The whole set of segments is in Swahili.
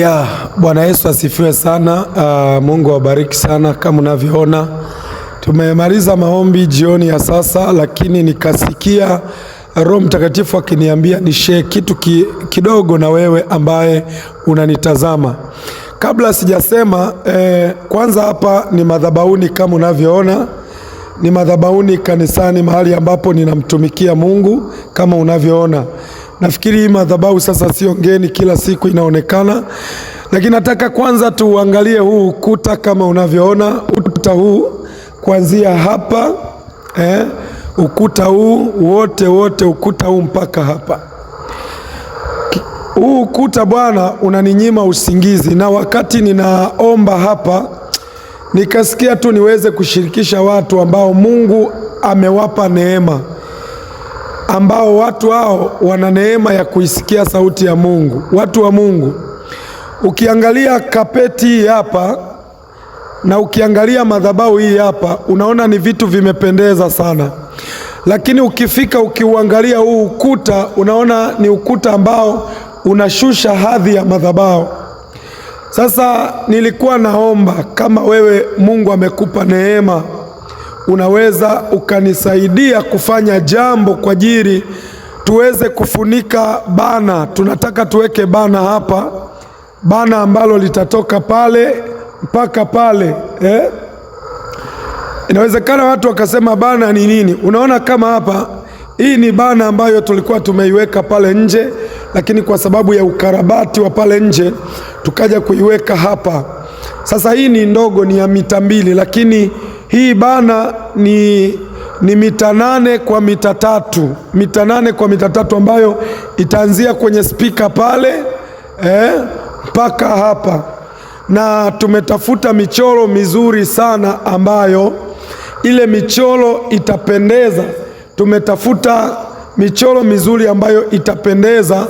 Ya Bwana Yesu asifiwe sana. Uh, Mungu awabariki sana. Kama unavyoona tumemaliza maombi jioni ya sasa, lakini nikasikia Roho Mtakatifu akiniambia share kitu ki, kidogo na wewe ambaye unanitazama. Kabla sijasema eh, kwanza hapa ni madhabahuni, kama unavyoona ni madhabahuni kanisani, mahali ambapo ninamtumikia Mungu kama unavyoona Nafikiri madhabahu sasa sio ngeni kila siku inaonekana, lakini nataka kwanza tuuangalie huu ukuta kama unavyoona ukuta huu kuanzia hapa eh, ukuta huu wote wote, ukuta huu mpaka hapa. Huu ukuta bwana, unaninyima usingizi, na wakati ninaomba hapa nikasikia tu niweze kushirikisha watu ambao Mungu amewapa neema ambao watu hao wana neema ya kuisikia sauti ya Mungu. Watu wa Mungu, ukiangalia kapeti hii hapa na ukiangalia madhabahu hii hapa, unaona ni vitu vimependeza sana, lakini ukifika ukiuangalia huu ukuta, unaona ni ukuta ambao unashusha hadhi ya madhabahu. Sasa nilikuwa naomba kama wewe Mungu amekupa neema unaweza ukanisaidia kufanya jambo kwa ajili tuweze kufunika bana. Tunataka tuweke bana hapa, bana ambalo litatoka pale mpaka pale eh? Inawezekana watu wakasema bana ni nini? Unaona, kama hapa hii ni bana ambayo tulikuwa tumeiweka pale nje, lakini kwa sababu ya ukarabati wa pale nje tukaja kuiweka hapa. Sasa hii ni ndogo, ni ya mita mbili, lakini hii bana ni, ni mita nane kwa mita tatu mita nane kwa mita tatu ambayo itaanzia kwenye spika pale eh, mpaka eh, hapa na tumetafuta michoro mizuri sana ambayo ile michoro itapendeza. Tumetafuta michoro mizuri ambayo itapendeza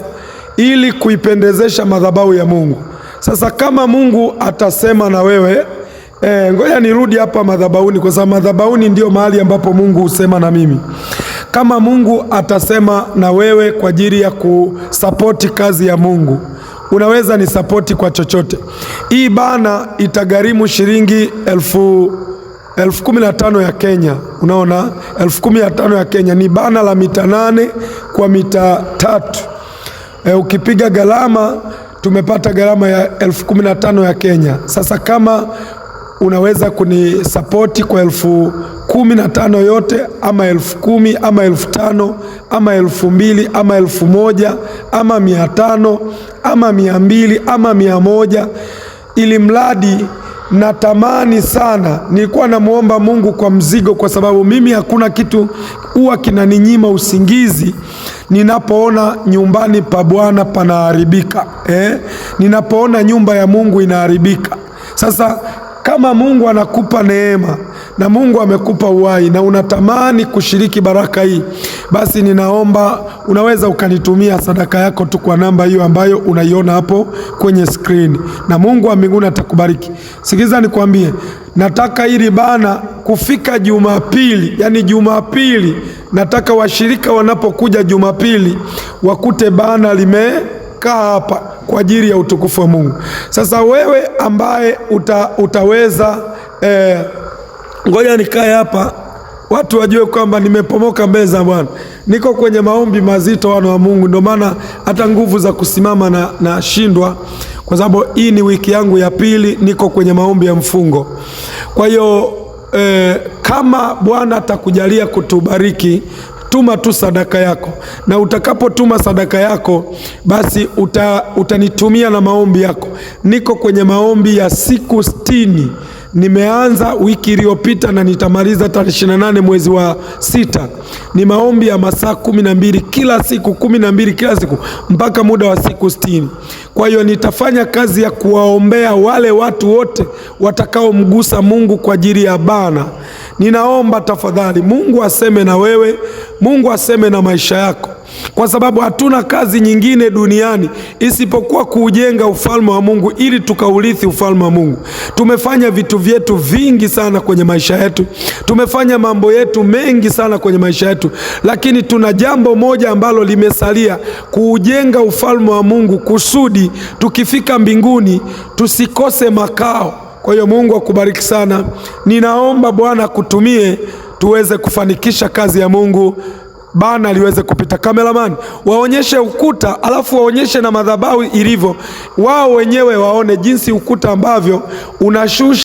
ili kuipendezesha madhabahu ya Mungu. Sasa kama Mungu atasema na wewe E, ngoja nirudi hapa madhabahuni kwa sababu madhabahuni ndio mahali ambapo Mungu husema na mimi. Kama Mungu atasema na wewe kwa ajili ya kusapoti kazi ya Mungu, unaweza ni sapoti kwa chochote. Hii bana itagharimu shilingi elfu elfu kumi na tano ya Kenya. Unaona, elfu kumi na tano ya Kenya ni bana la mita nane kwa mita tatu. E, ukipiga gharama tumepata gharama ya elfu kumi na tano ya Kenya. Sasa kama unaweza kunisapoti kwa elfu kumi na tano yote ama elfu kumi ama elfu tano ama elfu mbili ama elfu moja ama mia tano ama mia mbili ama mia moja ili mradi natamani sana. Nilikuwa namwomba Mungu kwa mzigo, kwa sababu mimi hakuna kitu huwa kinaninyima usingizi ninapoona nyumbani pa Bwana panaharibika, eh? ninapoona nyumba ya Mungu inaharibika. Sasa kama Mungu anakupa neema na Mungu amekupa uhai na unatamani kushiriki baraka hii, basi ninaomba unaweza ukanitumia sadaka yako tu kwa namba hiyo ambayo unaiona hapo kwenye skrini, na Mungu wa mbinguni atakubariki. Sikiliza nikwambie, nataka hili bana kufika Jumapili, yani Jumapili nataka washirika wanapokuja Jumapili wakute bana lime kaa hapa kwa ajili ya utukufu wa Mungu. Sasa wewe ambaye uta, utaweza eh, ngoja nikae hapa watu wajue kwamba nimepomoka mbele za Bwana, niko kwenye maombi mazito, wana wa Mungu. Ndio maana hata nguvu za kusimama na nashindwa, kwa sababu hii ni wiki yangu ya pili, niko kwenye maombi ya mfungo. Kwa hiyo eh, kama Bwana atakujalia kutubariki tuma tu sadaka yako, na utakapotuma sadaka yako basi uta, utanitumia na maombi yako. Niko kwenye maombi ya siku sitini, nimeanza wiki iliyopita na nitamaliza tarehe nane mwezi wa sita. Ni maombi ya masaa kumi na mbili kila siku, kumi na mbili kila siku mpaka muda wa siku sitini. Kwa hiyo nitafanya kazi ya kuwaombea wale watu wote watakaomgusa Mungu kwa ajili ya Bana. Ninaomba tafadhali Mungu aseme na wewe. Mungu aseme na maisha yako, kwa sababu hatuna kazi nyingine duniani isipokuwa kuujenga ufalme wa Mungu ili tukaurithi ufalme wa Mungu. Tumefanya vitu vyetu vingi sana kwenye maisha yetu, tumefanya mambo yetu mengi sana kwenye maisha yetu, lakini tuna jambo moja ambalo limesalia, kuujenga ufalme wa Mungu kusudi tukifika mbinguni tusikose makao. Kwa hiyo Mungu akubariki sana. Ninaomba Bwana akutumie tuweze kufanikisha kazi ya Mungu. Bana liweze kupita. Kameramani waonyeshe ukuta alafu waonyeshe na madhabahu ilivyo, wao wenyewe waone jinsi ukuta ambavyo unashusha